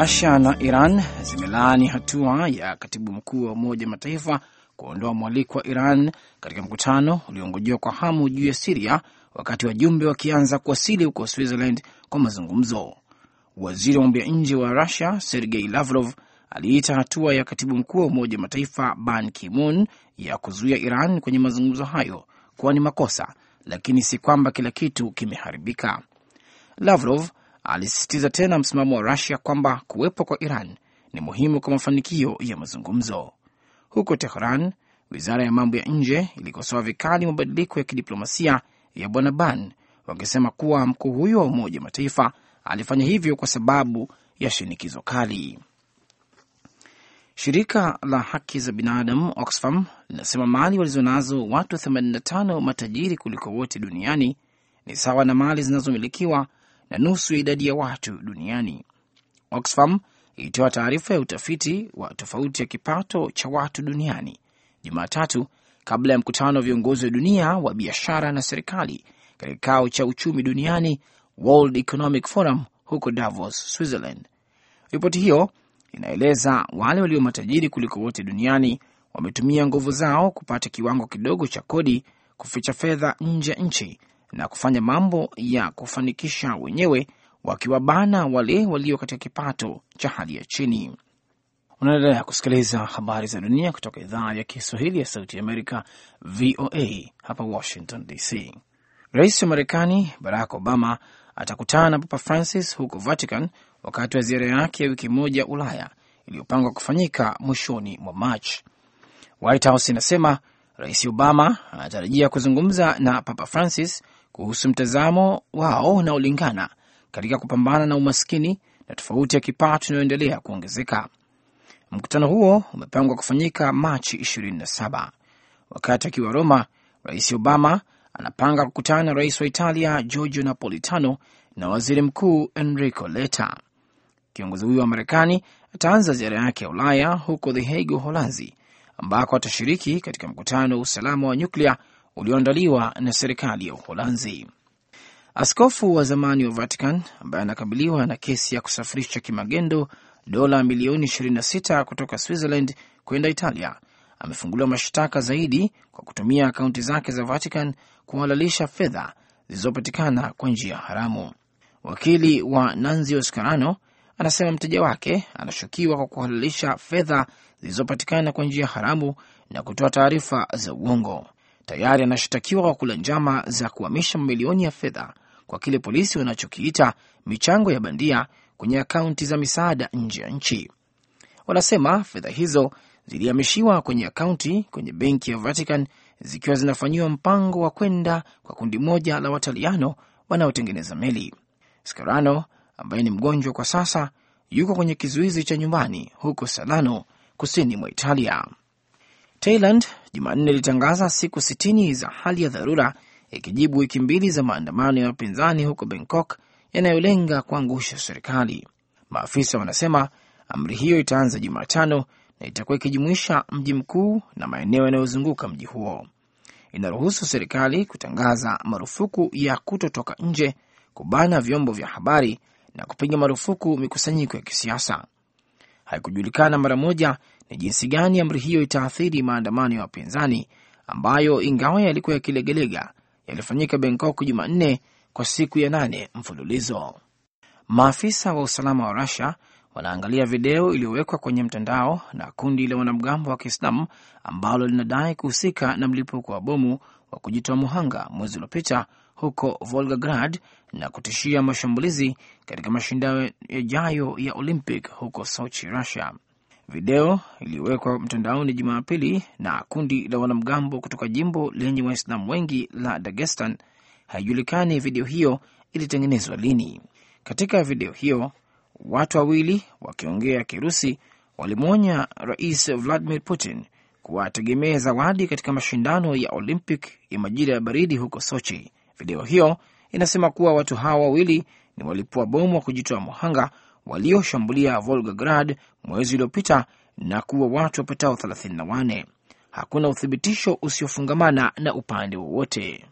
Rusia na Iran zimelaani hatua ya katibu mkuu wa Umoja Mataifa kuondoa mwaliko wa Iran katika mkutano uliongojiwa kwa hamu juu ya Siria, wakati wajumbe wakianza kuwasili huko Switzerland kwa mazungumzo. Waziri wa mambo ya nje wa Rusia Sergei Lavrov aliita hatua ya katibu mkuu wa Umoja Mataifa Ban Ki-moon ya kuzuia Iran kwenye mazungumzo hayo kuwa ni makosa, lakini si kwamba kila kitu kimeharibika. Lavrov alisisitiza tena msimamo wa Rusia kwamba kuwepo kwa Iran ni muhimu kwa mafanikio ya mazungumzo. Huko Tehran, wizara ya mambo ya nje ilikosoa vikali mabadiliko ya kidiplomasia ya bwana Ban, wakisema kuwa mkuu huyo wa Umoja Mataifa alifanya hivyo kwa sababu ya shinikizo kali. Shirika la haki za binadamu Oxfam linasema mali walizonazo watu 85 matajiri kuliko wote duniani ni sawa na mali zinazomilikiwa na nusu ya idadi ya watu duniani. Oxfam ilitoa taarifa ya utafiti wa tofauti ya kipato cha watu duniani Jumatatu kabla ya mkutano wa viongozi wa dunia wa biashara na serikali katika kikao cha uchumi duniani World Economic Forum huko Davos, Switzerland. Ripoti hiyo inaeleza wale walio matajiri kuliko wote duniani wametumia nguvu zao kupata kiwango kidogo cha kodi kuficha fedha nje ya nchi na kufanya mambo ya kufanikisha wenyewe, wakiwabana wale walio katika kipato cha hali ya chini. Unaendelea kusikiliza habari za dunia kutoka idhaa ya Kiswahili ya Sauti ya Amerika, VOA hapa Washington DC. Rais wa Marekani Barack Obama atakutana na Papa Francis huko Vatican wakati wa ziara yake ya wiki moja Ulaya iliyopangwa kufanyika mwishoni mwa March. White House inasema Rais Obama anatarajia kuzungumza na Papa Francis kuhusu mtazamo wao unaolingana katika kupambana na umaskini na tofauti ya kipato inayoendelea kuongezeka. Mkutano huo umepangwa kufanyika Machi 27. Wakati akiwa Roma, Rais Obama anapanga kukutana na rais wa Italia Giorgio Napolitano na waziri mkuu Enrico Leta. Kiongozi huyo wa Marekani ataanza ziara yake ya Ulaya huko The Hague, Uholanzi, ambako atashiriki katika mkutano wa usalama wa nyuklia ulioandaliwa na serikali ya Uholanzi. Askofu wa zamani wa Vatican ambaye anakabiliwa na kesi ya kusafirisha kimagendo dola milioni 26 kutoka Switzerland kwenda Italia amefunguliwa mashtaka zaidi kwa kutumia akaunti zake za Vatican kuhalalisha fedha zilizopatikana kwa njia haramu. Wakili wa Nanzio Scarano anasema mteja wake anashukiwa kwa kuhalalisha fedha zilizopatikana kwa njia haramu na kutoa taarifa za uongo tayari anashtakiwa kwa kula njama za kuhamisha mamilioni ya fedha kwa kile polisi wanachokiita michango ya bandia kwenye akaunti za misaada nje ya nchi. Wanasema fedha hizo zilihamishiwa kwenye akaunti kwenye benki ya Vatican zikiwa zinafanyiwa mpango wa kwenda kwa kundi moja la Wataliano wanaotengeneza meli. Scarano ambaye ni mgonjwa kwa sasa yuko kwenye kizuizi cha nyumbani huko Salano, kusini mwa Italia. Thailand Jumanne ilitangaza siku sitini za hali ya dharura ikijibu wiki mbili za maandamano ya wapinzani huko Bangkok yanayolenga kuangusha serikali. Maafisa wanasema amri hiyo itaanza Jumatano na itakuwa ikijumuisha mji mkuu na maeneo yanayozunguka mji huo. Inaruhusu serikali kutangaza marufuku ya kutotoka nje, kubana vyombo vya habari na kupiga marufuku mikusanyiko ya kisiasa. Haikujulikana mara moja ni jinsi gani amri hiyo itaathiri maandamano ya wapinzani ambayo ingawa yalikuwa yakilegalega yalifanyika Bangkok Jumanne kwa siku ya nane mfululizo. Maafisa wa usalama wa Rusia wanaangalia video iliyowekwa kwenye mtandao na kundi la wanamgambo wa Kiislamu ambalo linadai kuhusika na mlipuko wa bomu wa kujitoa muhanga mwezi uliopita huko Volgograd na kutishia mashambulizi katika mashindano yajayo ya Olympic huko Sochi, Russia. Video iliyowekwa mtandaoni Jumapili na kundi la wanamgambo kutoka jimbo lenye Waislamu wengi la Dagestan, haijulikani video hiyo ilitengenezwa lini. Katika video hiyo watu wawili wakiongea Kirusi walimwonya Rais Vladimir Putin kuwategemea zawadi katika mashindano ya Olympic ya majira ya baridi huko Sochi. Video hiyo inasema kuwa watu hawa wawili ni walipua bomu wa kujitoa muhanga walioshambulia Volgograd mwezi uliopita na kuwa watu wapatao 34. Hakuna uthibitisho usiofungamana na upande wowote.